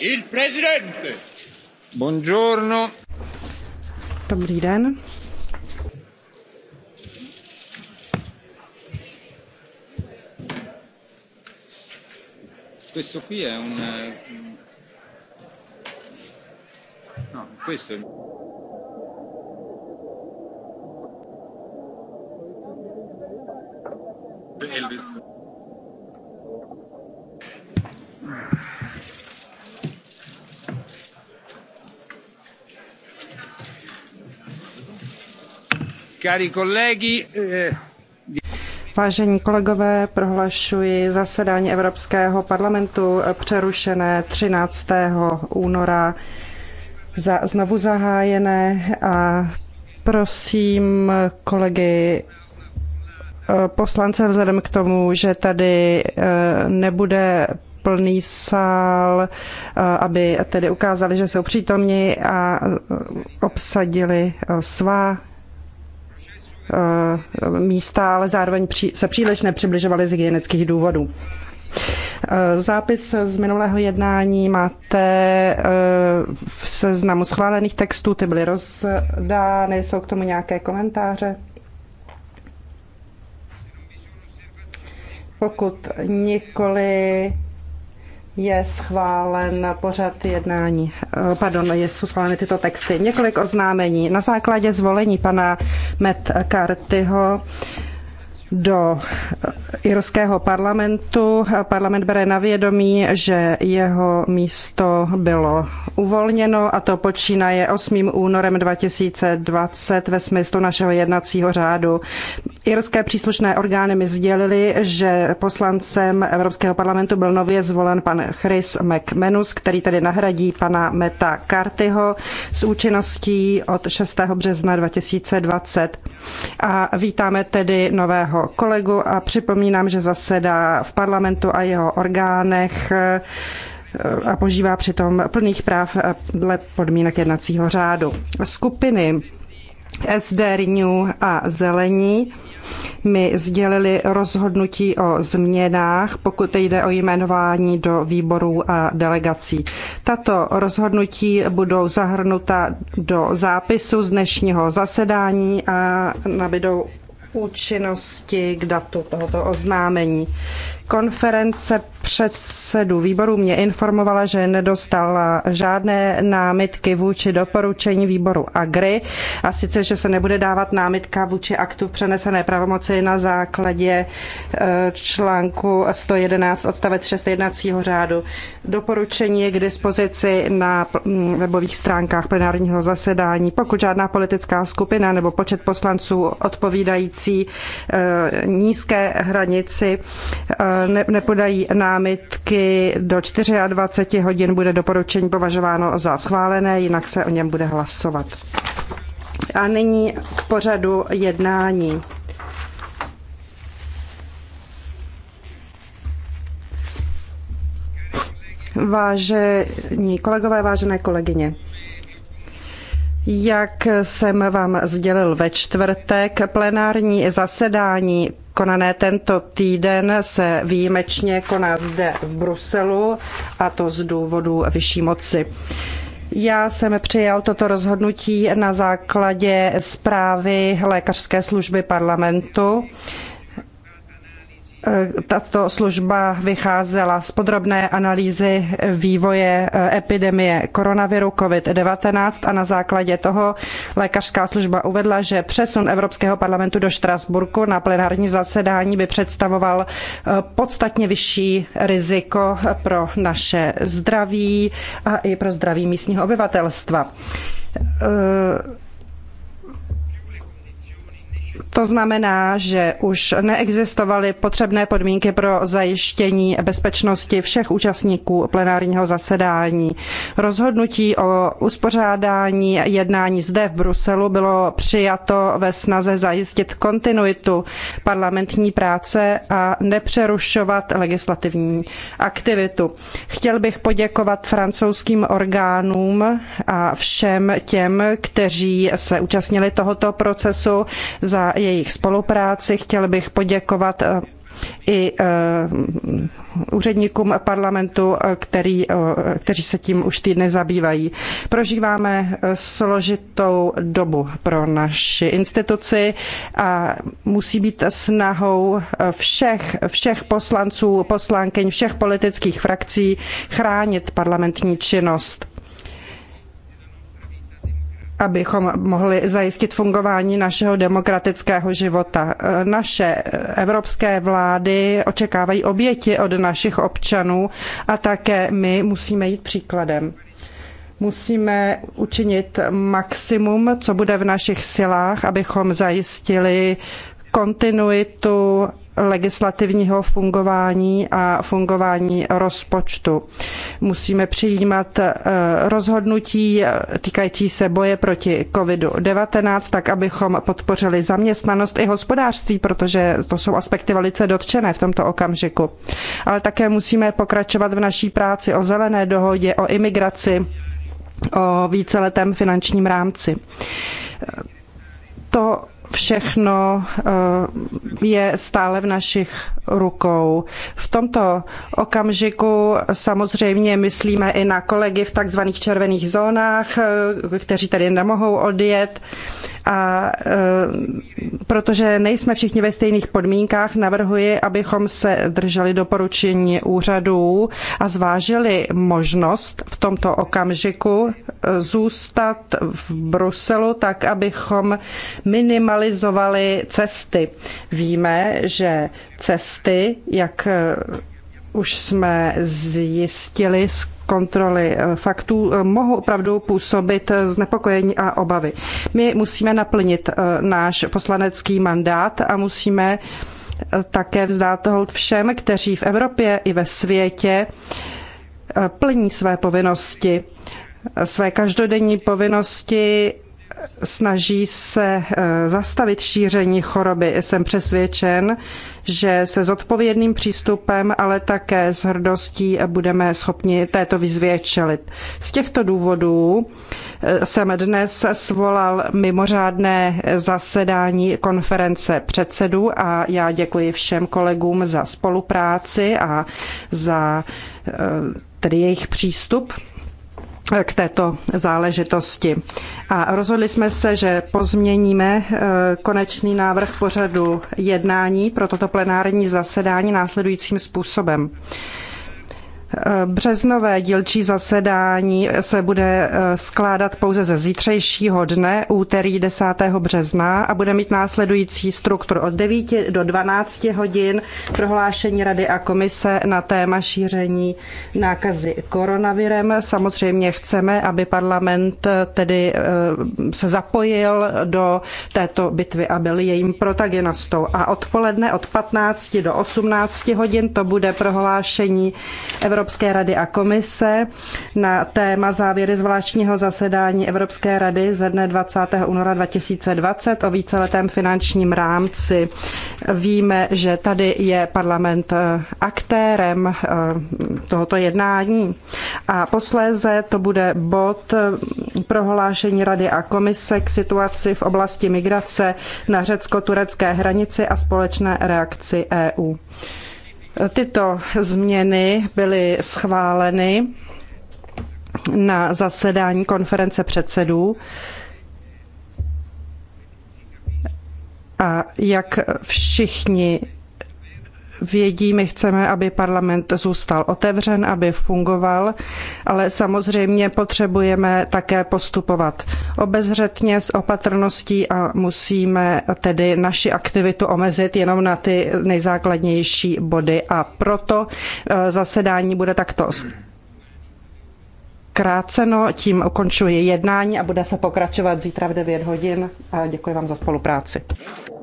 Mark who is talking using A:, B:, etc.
A: Il presidente. Buongiorno. Dobrý den. Questo qui è un... Eh, no, questo è... Elvis. Eh, Vážení kolegové, prohlašuji zasedání Evropského parlamentu přerušené 13. února za znovu zahájené a prosím kolegy eh, poslance vzhledem k tomu, že tady eh, nebude plný sál, aby tedy ukázali, že jsou přítomni a obsadili svá Eh, místa, ale zároveň se příliš nepřibližovaly z hygienických důvodů. Eh, zápis z minulého jednání máte eh, v seznamu schválených textů, ty byly rozdány, jsou k tomu nějaké komentáře? Pokud nikoli, je schválen pořad jednání, eh, pardon, jsou schváleny tyto texty. Několik oznámení. Na základě zvolení pana Matt Cartyho do eh, irského parlamentu. Eh, parlament bere na vědomí, že jeho místo bylo uvolněno a to počínaje 8. únorem 2020 ve smyslu našeho jednacího řádu. Irské příslušné orgány mi sdělili, že poslancem Evropského parlamentu byl nově zvolen pan Chris McManus, který tedy nahradí pana Meta Cartyho s účinností od 6. března 2020. A vítáme tedy nového kolegu a připomínám, že zasedá v parlamentu a jeho orgánech a požívá přitom plných práv dle podmínek jednacího řádu. Skupiny SD, Renew a Zelení mi sdělili rozhodnutí o změnách, pokud jde o jmenování do výborů a delegací. Tato rozhodnutí budou zahrnuta do zápisu z dnešního zasedání a nabydou účinnosti k datu tohoto oznámení. Konference předsedů výboru mě informovala, že nedostala žádné námitky vůči doporučení výboru AGRI a sice, že se nebude dávat námitka vůči aktu v přenesené pravomoci na základě e, článku 111 odstavec 6 jednacího řádu. Doporučení je k dispozici na webových stránkách plenárního zasedání. Pokud žádná politická skupina nebo počet poslanců odpovídající e, nízké hranici e, ne, nepodají námitky do 24 hodin, bude doporučení považováno za schválené, jinak se o něm bude hlasovat. A nyní k pořadu jednání. Vážení kolegové, vážené kolegyně, jak jsem vám sdělil ve čtvrtek, plenární zasedání konané tento týden se výjimečně koná zde v Bruselu a to z důvodu vyšší moci. Já jsem přijal toto rozhodnutí na základě zprávy lékařské služby parlamentu Eh, tato služba vycházela z podrobné analýzy vývoje eh, epidemie koronaviru COVID-19 a na základě toho lékařská služba uvedla, že přesun Evropského parlamentu do Štrasburku na plenární zasedání by představoval eh, podstatně vyšší riziko pro naše zdraví a i pro zdraví místního obyvatelstva to znamená, že už neexistovaly potřebné podmínky pro zajištění bezpečnosti všech účastníků plenárního zasedání. Rozhodnutí o uspořádání jednání zde v Bruselu bylo přijato ve snaze zajistit kontinuitu parlamentní práce a nepřerušovat legislativní aktivitu. Chtěl bych poděkovat francouzským orgánům a všem těm, kteří se účastnili tohoto procesu za jejich spolupráci. Chtěl bych poděkovat eh, i eh, úředníkům parlamentu, eh, který, kteří se tím už týdny zabývají. Prožíváme složitou dobu pro naši instituci a musí být snahou všech, všech poslanců, poslankyň, všech politických frakcí chránit parlamentní činnost abychom mohli zajistit fungování našeho demokratického života. Naše evropské vlády očekávají oběti od našich občanů a také my musíme jít příkladem. Musíme učinit maximum, co bude v našich silách, abychom zajistili kontinuitu legislativního fungování a fungování rozpočtu. Musíme přijímat eh, rozhodnutí týkající se boje proti COVID-19, tak abychom podpořili zaměstnanost i hospodářství, protože to jsou aspekty velice dotčené v tomto okamžiku. Ale také musíme pokračovat v naší práci o zelené dohodě, o imigraci, o víceletém finančním rámci. To všechno eh, je stále v našich rukou. V tomto okamžiku samozřejmě myslíme i na kolegy v takzvaných červených zónách, eh, kteří tady nemohou odjet a eh, protože nejsme všichni ve stejných podmínkách, navrhuji, abychom se drželi doporučení úřadů a zvážili možnost v tomto okamžiku eh, zůstat v Bruselu tak, abychom minimalizovali cesty. Víme, že cesty, jak eh, už jsme zjistili z kontroly eh, faktů, eh, mohou opravdu působit znepokojení a obavy. My musíme naplnit eh, náš poslanecký mandát a musíme také vzdát hold všem, kteří v Evropě i ve světě plní své povinnosti, své každodenní povinnosti snaží se eh, zastavit šíření choroby. Jsem přesvědčen, že se zodpovědným přístupem, ale také s hrdostí budeme schopni této výzvě čelit. Z těchto důvodů eh, jsem dnes svolal mimořádné zasedání konference předsedů a já děkuji všem kolegům za spolupráci a za eh, tedy jejich přístup k této záležitosti. A rozhodli jsme se, že pozměníme e, konečný návrh pořadu jednání pro toto plenární zasedání následujícím způsobem. Eh, březnové dílčí zasedání eh, se bude eh, skládat pouze ze zítřejšího dne, úterý 10. března, a bude mít následující strukturu od 9 do 12 hodin prohlášení Rady a komise na téma šíření nákazy koronavirem. Samozřejmě chceme, aby parlament tedy se zapojil do této bitvy a byl jejím protagonistou. A odpoledne od 15 do 18 hodin to bude prohlášení Evropské Evropské rady a komise na téma závěry zvláštního zasedání Evropské rady ze dne 20. února 2020 o víceletém finančním rámci. Víme, že tady je parlament eh, aktérem eh, tohoto jednání a posléze to bude bod eh, prohlášení Rady a komise k situaci v oblasti migrace na řecko-turecké hranici a společné reakci EU. Tyto změny byly schváleny na zasedání konference předsedů. A jak všichni vědí, my chceme, aby parlament zůstal otevřen, aby fungoval, ale samozřejmě potřebujeme také postupovat obezřetně, s opatrností a musíme tedy naši aktivitu omezit jenom na ty nejzákladnější body a proto eh, zasedání bude takto kráceno, tím ukončuji jednání a bude se pokračovat zítra v 9 hodin. A děkuji vám za spolupráci.